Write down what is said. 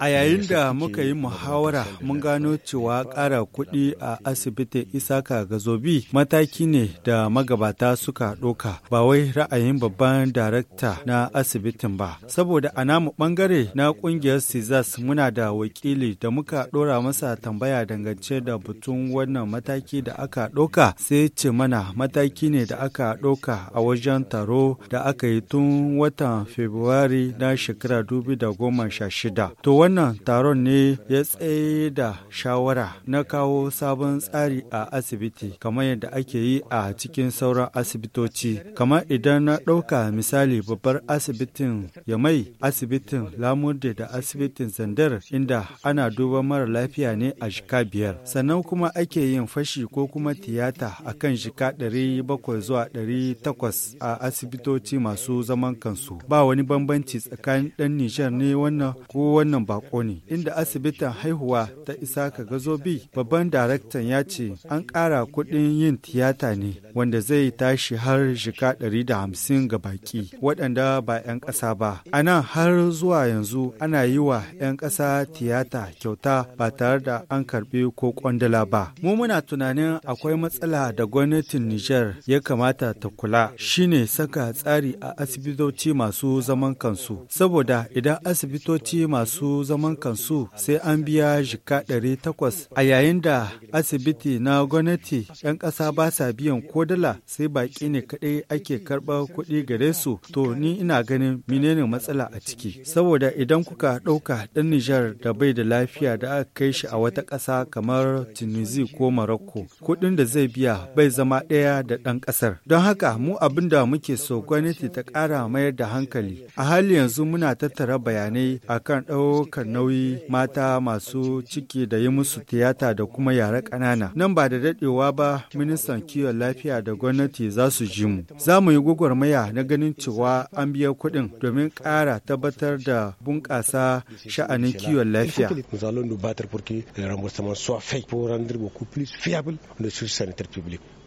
A yayin da muka yi muhawara mun gano cewa ƙara kuɗi a asibitin Isaka zobi mataki ne da magabata suka ɗoka ba wai ra'ayin babban darakta na asibitin ba. Saboda a namu ɓangare na ƙungiyar Cizas muna da wakili da muka ɗora masa tambaya dangance da butun wannan mataki da aka ɗoka sai ce mana mataki ne da aka ɗoka a wajen taro da aka yi tun watan Fabrairu na shekara dubu shida To wannan taron ne ya tsaye da shawara na kawo sabon tsari a asibiti kamar yadda ake yi a cikin sauran asibitoci. Kamar idan na ɗauka misali babbar asibitin Yamai, asibitin Lamurde da asibitin Zandar inda ana duba mara lafiya ne a jika biyar. Sannan kuma ake yin fashi ko kuma tiyata a kan jika ɗari zuwa ɗari a asibitoci masu zaman kansu. Ba wani bambanci tsakanin ɗan Nijar Nijar ne wannan ko wannan bako ne. Inda asibitin haihuwa ta isa Isaka Gazobi babban daraktan ya ce an kara kuɗin yin tiyata ne wanda zai tashi har jika 150 ga baki waɗanda ba 'yan ƙasa ba. A nan har zuwa yanzu ana yi wa 'yan ƙasa tiyata kyauta ba tare da an karɓi ko kwandala ba. Mu muna tunanin akwai matsala da gwamnatin Nijar ya kamata ta kula shine saka tsari a asibitoci masu zaman kansu saboda idan idan asibitoci masu zaman kansu sai an biya jika ɗari takwas a yayin da asibiti na gwamnati 'yan ƙasa ba sa biyan ko dala sai baƙi ne kaɗai ake karɓar kuɗi gare su to ni ina ganin menene matsala a ciki saboda idan kuka ɗauka ɗan Nijar da bai da lafiya da aka kai shi a wata ƙasa kamar Tunisia ko Morocco kuɗin da zai biya bai zama ɗaya da ɗan ƙasar don haka mu abin da muke so gwamnati ta ƙara mayar da hankali a hali yanzu muna tattara na bayanai akan ɗaukar nauyi mata masu ciki da yi musu tiyata da kuma yara ƙanana. Nan ba da daɗewa ba ministan kiwon lafiya da gwamnati za su ji mu. Za mu yi gwagwarmaya na ganin cewa an biya kuɗin domin ƙara tabbatar da bunƙasa sha'anin kiwon lafiya.